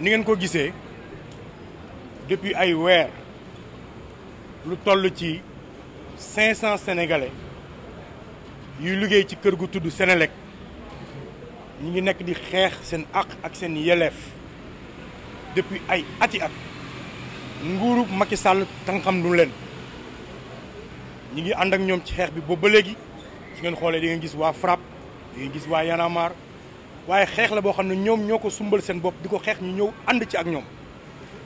ni ngeen ko gisee depuis ay weer lu toll ci cinq cent yuy liggéey ci kër gu tudd Senelec ñu ngi nekk di xeex seen àq ak seen yeleef depuis ay ati at nguuru Macky Sall tànqam du leen ñi ngi ànd ak ñoom ci xeex bi boobu ba léegi su ngeen xoolee di ngeen gis waa FRAPP di gis waa Yanamar waaye xeex la boo xam ne ñoom ñoo ko sumbal seen bopp di ko xeex ñu ñëw ànd ci ak ñoom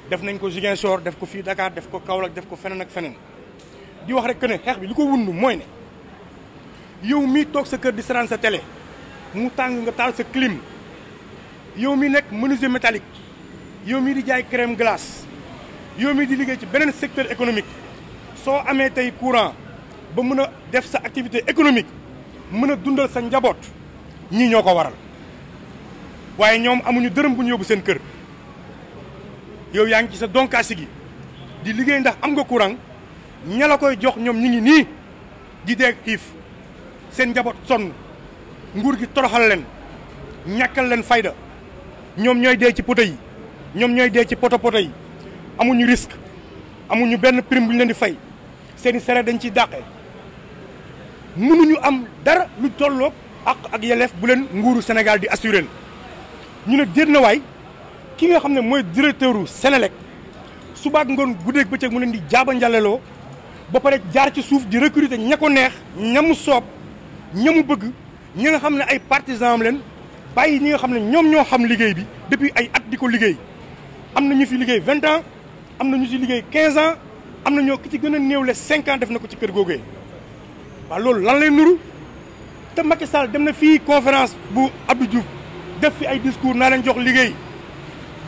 def nañ ko Ziguinchor def ko fii Dakar def ko Kaolack def ko feneen ak feneen di wax rek ne xeex bi li ko wund mooy ne yow mii toog sa kër di saraan sa télé mu tàng nga taal sa kilim yow mi nekk menuisier métallique yow mii di jaay crème glace yow mi di liggéey ci beneen secteur économique soo amee tey courant ba mën a def sa activité économique mën a dundal sa njaboot ñii ñoo ko waral waaye ñoom amuñu dërëm bu ñu yóbbu seen kër yow yaa ngi ci sa donkaasi gi di liggéey ndax am nga courant ña la koy jox ñoom ñi ngi nii di dee xiif seen njaboot sonn nguur gi toroxal leen ñàkkal leen fayda ñoom ñooy dee ci poto yi ñoom ñooy dee ci poto poto yi amuñu risque amuñu benn prime bu ñu leen di fay seeni sere dañ ciy dàqe mënuñu am dara lu tolloog ak ak yelleef bu leen nguuru Sénégal di assuré ñu ne déet na waay ki nga xam ne mooy directeur u Sénélec suba ak ngoon guddeeg bëccëg mu leen di jaaba njaleloo ba pare jaar ci suuf di recruter ña neex ñamu soob ñamu bëgg ñi nga xam ne ay partisans am leen bàyyi ñi nga xam ne ñoom ñoo xam liggéey bi depuis ay at di ko liggéey am na ñu fi liggéey vingt ans am na ñu si liggéey quinze ans am na ñoo ki ci gën a néew le ans def na ko ci kër googee waaw loolu lan lay nuru te Macky Sall dem na fii conférence bu Abdou Diouf def fi ay discours naa leen jox liggéey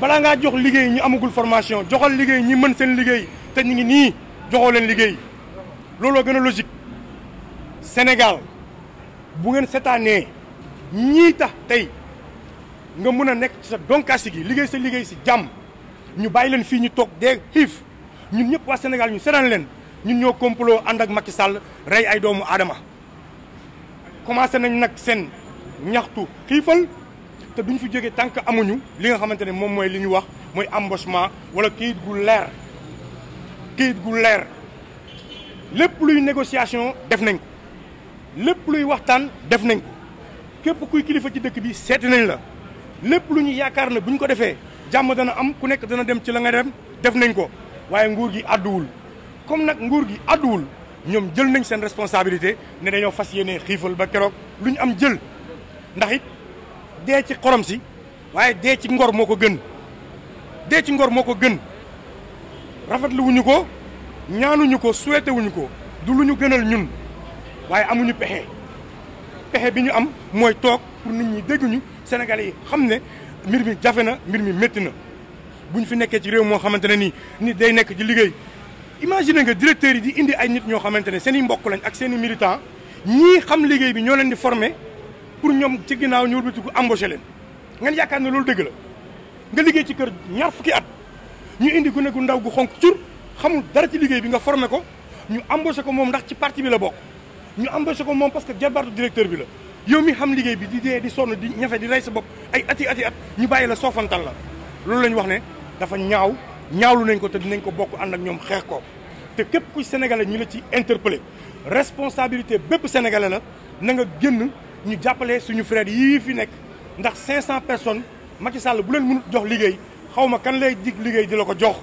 balaa ngaa jox liggéey ñi amagul formation joxal liggéey ñii mën seen liggéey te ñu ngi nii joxoo leen liggéey looloo gën a logique Sénégal bu ngeen seetaanee ñii tax tey nga mën a nekk ci sa donkaasi gi liggéey sa liggéey si jàmm ñu bàyyi leen fii ñu toog dee xiif ñun ñëpp waa Sénégal ñu seetaan leen ñun ñoo complot ànd ak Macky Sall rey ay doomu aadama commencé nañ nag seen ñaxtu xiifal te duñ fi jógee tant que amuñu li nga xamante ne moom mooy li ñu wax mooy embauchement wala kayit gu leer kayit gu leer lépp luy négociation def nañ ko lépp luy waxtaan def nañ ko képp kuy kilifa ci dëkk bi seeti nañ la lépp lu ñu yaakaar ne bu ñu ko defee jàmm dana am ku nekk dana dem ci la nga dem def nañ ko waaye nguur gi àdduwul comme nag nguur gi àdduwul ñoom jël nañ seen responsabilité ne dañoo fas yéene xiifal ba keroog lu ñu am jël ndaxit dee ci xorom si waaye dee ci ngor moo ko gën dee ci ngor moo ko gën rafetlu wuñu ko ñaanuñu ko suwetewuñu ko du lu ñu gënal ñun waaye amuñu pexe pexe bi ñu am mooy toog pour nit ñi dégguñu Sénégalais yi xam ne mbir mi jafe na mbir mi métti na bu ñu fi nekkee ci réew moo xamante ne nii nit day nekk ci liggéey imagine nga directeurs yi di indi ay nit ñoo xamante ne seen i mbokk lañ ak seen i militant ñii xam liggéey bi ñoo leen di former pour ñoom ci ginnaaw ñu wëlbatiku embauché leen ngeen yaakaar ne loolu dégg la nga liggéey ci kër ñaar fukki at ñu indi gune gu ndaw gu xonk cur xamul dara ci liggéey bi nga formé ko ñu embauché ko moom ndax ci parti bi la bokk ñu embauché ko moom parce que jabaatu directeur bi la yow mi xam liggéey bi di dee di sonn di ñafe di rey sa bopp ay ati ati at ñu bàyyi la soofantal la loolu lañ wax ne dafa ñaaw ñaawlu nañ ko te dinañ ko bokk ànd ak ñoom xeex ko te képp kuy sénégalais ñu la ci interpellé responsabilité bépp sénégalais la na nga génn ñu jàppale suñu frères yii fi nekk ndax 500 personnes Macky Sall bu leen mënut jox liggéey xawma kan lay dig liggéey di la ko jox.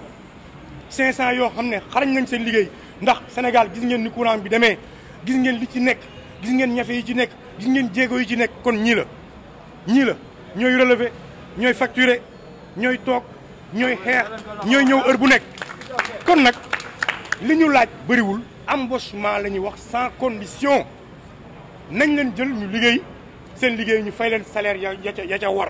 500 yoo xam ne xarañ nañ seen liggéey ndax Sénégal gis ngeen ni courant bi demee gis ngeen li ci nekk gis ngeen ñafe yi ci nekk gis ngeen jéego yi ci nekk kon ñii la. ñii la ñooy relevé ñooy facturer ñooy toog ñooy xeex ñooy ñëw heure bu nekk kon nag li ñu laaj bëriwul embauchement la ñuy wax sans condition. nañ leen jël ñu liggéey seen liggéey ñu fay leen salaire ya ya ca ya ca war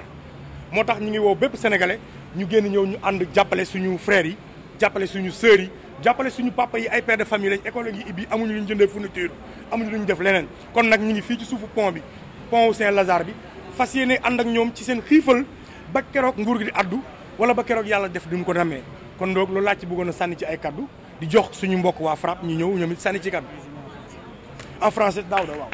moo tax ñu ngi woo bépp sénégalais ñu génn ñëw ñu ànd jàppale suñu frères yi jàppale suñu sœurs yi jàppale suñu papa yi ay père de famille lañ école yi ibbi amuñu lu ñu jëndee fourniture amuñu lu ñu def leneen kon nag ñu ngi fii ci suufu pont bi pont Saint-Lazare bi fas yéene ànd ak ñoom ci seen xiifal ba keroog nguur gi di addu wala ba keroog yàlla def duñ ko namee kon donc loolu laa ci bëggoon a sànni ci ay kaddu di jox suñu mbokk waa FRAPP ñu ñëw ñoom it sànni ci kaddu en français daaw da waaw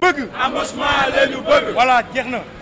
bëgg. embauchement la ñu bëgg. voilà jeex na.